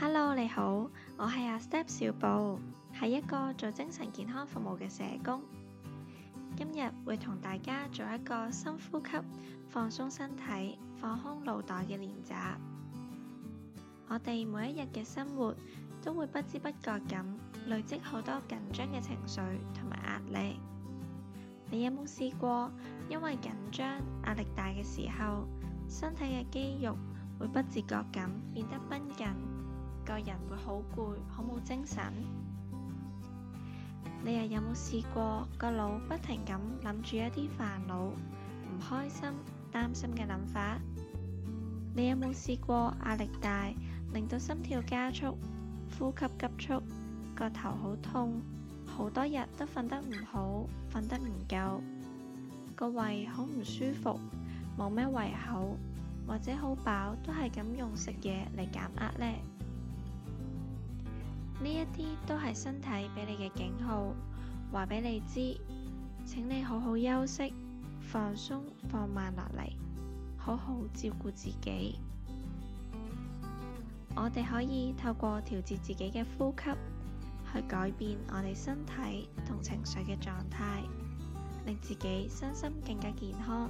Hello，你好，我係阿 Step 小步，係一個做精神健康服務嘅社工。今日會同大家做一個深呼吸、放鬆身體、放空腦袋嘅練習。我哋每一日嘅生活都會不知不覺咁累積好多緊張嘅情緒同埋壓力。你有冇試過因為緊張、壓力大嘅時候，身體嘅肌肉會不自覺咁變得繃緊？個人會好攰，好冇精神。你又有冇試過個腦不停咁諗住一啲煩惱、唔開心、擔心嘅諗法？你有冇試過壓力大，令到心跳加速、呼吸急促，個頭好痛，好多日都瞓得唔好，瞓得唔夠，個胃好唔舒服，冇咩胃口，或者好飽，都係咁用食嘢嚟減壓呢？呢一啲都係身體俾你嘅警號，話俾你知，請你好好休息、放鬆、放慢落嚟，好好照顧自己。我哋可以透過調節自己嘅呼吸，去改變我哋身體同情緒嘅狀態，令自己身心更加健康。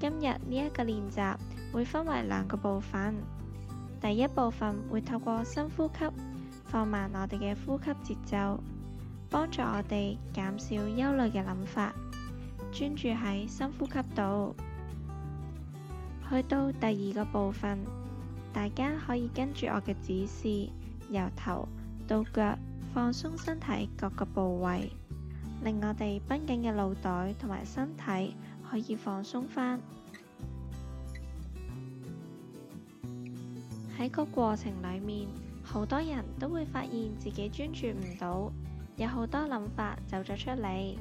今日呢一個練習會分為兩個部分。第一部分會透過深呼吸，放慢我哋嘅呼吸節奏，幫助我哋減少憂慮嘅諗法，專注喺深呼吸度。去到第二個部分，大家可以跟住我嘅指示，由頭到腳放鬆身體各個部位，令我哋繃緊嘅腦袋同埋身體可以放鬆翻。喺個過程裏面，好多人都會發現自己專注唔到，有好多諗法走咗出嚟。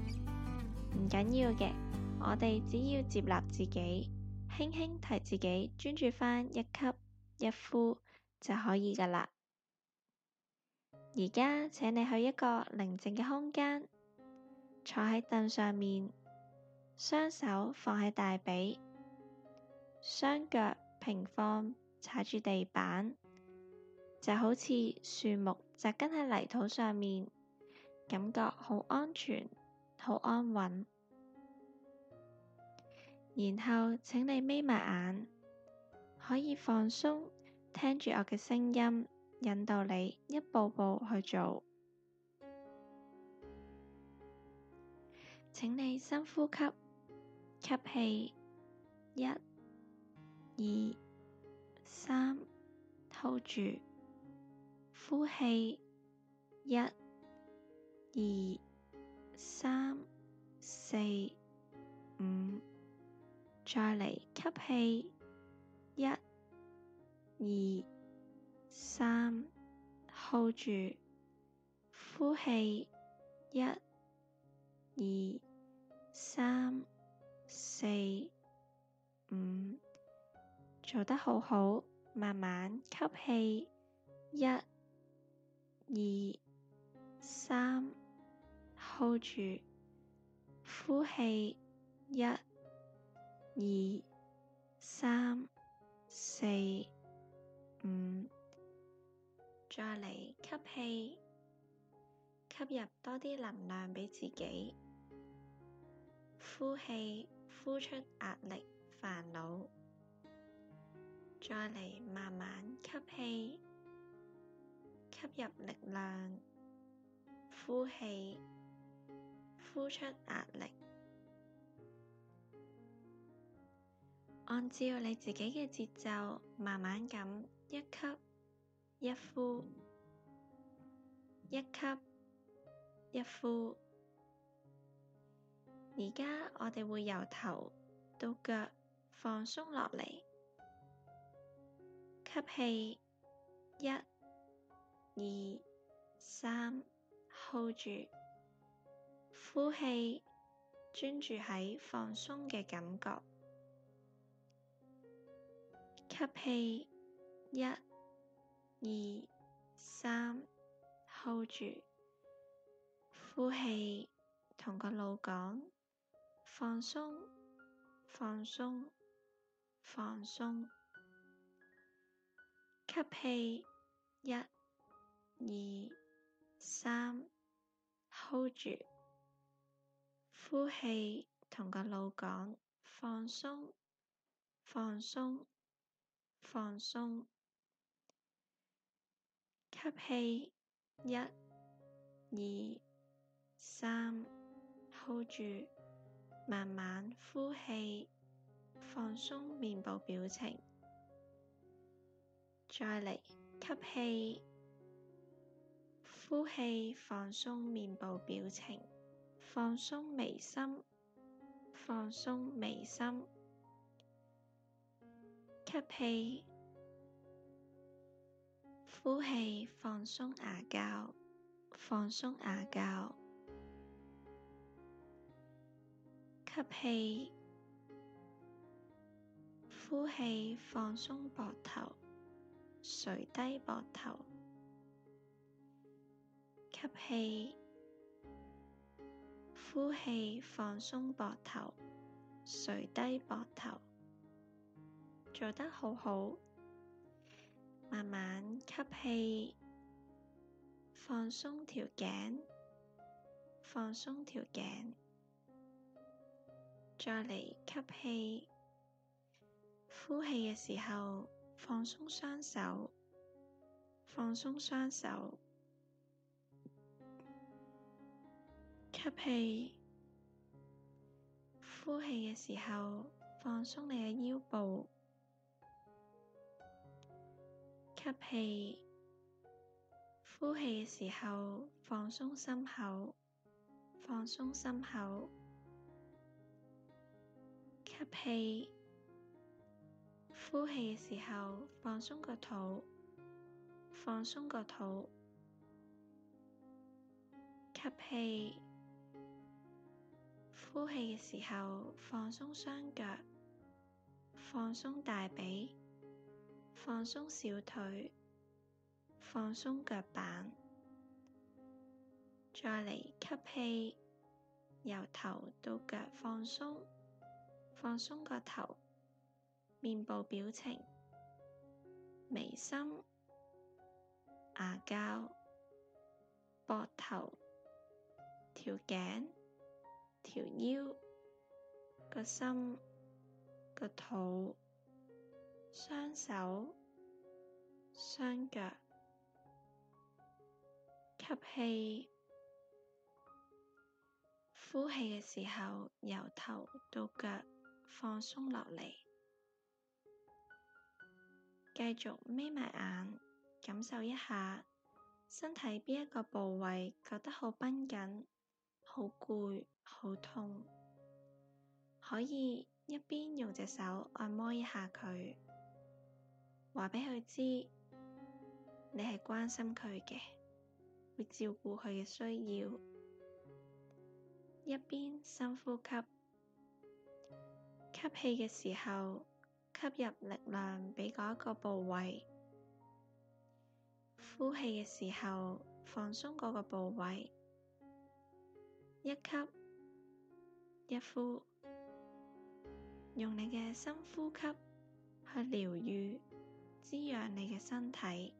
唔緊要嘅，我哋只要接納自己，輕輕提自己專注翻一吸一呼就可以噶啦。而家請你去一個寧靜嘅空間，坐喺凳上面，雙手放喺大髀，雙腳平放。踩住地板，就好似樹木扎根喺泥土上面，感覺好安全、好安穩。然後請你眯埋眼，可以放鬆，聽住我嘅聲音，引導你一步步去做。請你深呼吸，吸氣，一、二。三，hold 住，呼氣，一、二、三、四、五，再嚟吸氣，一、二、三，hold 住，呼氣，一、二、三、四、五。做得好好，慢慢吸氣，一、二、三，hold 住，呼氣，一、二、三、四、五，再嚟吸氣，吸入多啲能量畀自己，呼氣，呼出壓力、煩惱。再嚟慢慢吸氣，吸入力量，呼氣，呼出壓力。按照你自己嘅節奏，慢慢咁一吸一呼，一吸一呼。而家我哋會由頭到腳放鬆落嚟。吸氣，一、二、三，hold 住。呼氣，專注喺放鬆嘅感覺。吸氣，一、二、三，hold 住。呼氣，同個腦講，放鬆，放鬆，放鬆。吸氣一、二、三，hold 住。呼氣，同個腦講，放鬆、放鬆、放鬆。吸氣一、二、三，hold 住。慢慢呼氣，放鬆面部表情。再嚟吸氣，呼氣，放鬆面部表情，放鬆眉心，放鬆眉心，吸氣，呼氣，放鬆牙較，放鬆牙較，吸氣，呼氣，放鬆膊頭。垂低膊頭，吸氣，呼氣，放鬆膊頭，垂低膊頭，做得好好。慢慢吸氣，放鬆條頸，放鬆條頸，再嚟吸氣，呼氣嘅時候。放鬆雙手，放鬆雙手，吸氣，呼氣嘅時候放鬆你嘅腰部，吸氣，呼氣嘅時候放鬆心口，放鬆心口，吸氣。呼氣嘅時候，放鬆個肚，放鬆個肚。吸氣，呼氣嘅時候，放鬆雙腳，放鬆大髀，放鬆小腿，放鬆腳板。再嚟吸氣，由頭到腳放鬆，放鬆個頭。面部表情、眉心、牙膠、膊頭、條頸、條腰、個心、個肚、雙手、雙腳，吸氣，呼氣嘅時候，由頭到腳放鬆落嚟。繼續眯埋眼，感受一下身體邊一個部位覺得好繃緊、好攰、好痛，可以一邊用隻手按摩一下佢，話俾佢知你係關心佢嘅，會照顧佢嘅需要，一邊深呼吸，吸氣嘅時候。吸入力量畀嗰一個部位，呼氣嘅時候放鬆嗰個部位，一吸一呼，用你嘅深呼吸去療癒、滋養你嘅身體。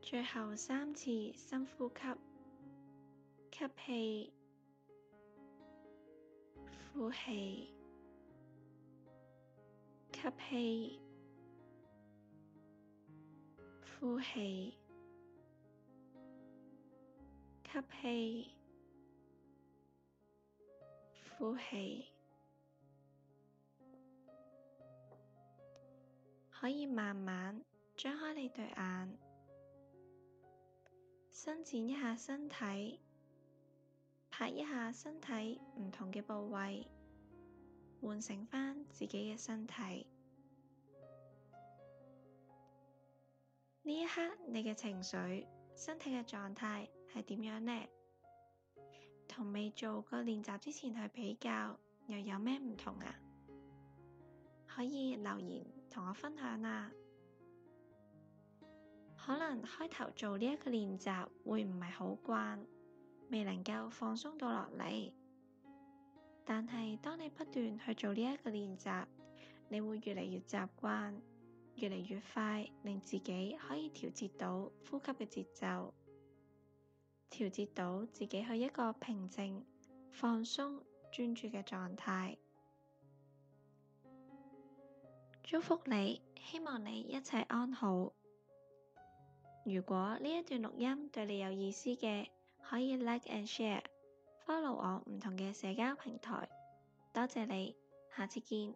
最後三次深呼吸，吸氣，呼氣。吸氣，呼氣，吸氣，呼氣。可以慢慢張開你對眼，伸展一下身體，拍一下身體唔同嘅部位，喚醒返自己嘅身體。呢一刻，你嘅情緒、身體嘅狀態係點樣呢？同未做過練習之前去比較，又有咩唔同啊？可以留言同我分享啊！可能開頭做呢一個練習會唔係好慣，未能夠放鬆到落嚟。但係當你不斷去做呢一個練習，你會越嚟越習慣。越嚟越快，令自己可以調節到呼吸嘅節奏，調節到自己去一個平靜、放鬆、專注嘅狀態。祝福你，希望你一切安好。如果呢一段錄音對你有意思嘅，可以 like and share，follow 我唔同嘅社交平台。多謝你，下次見。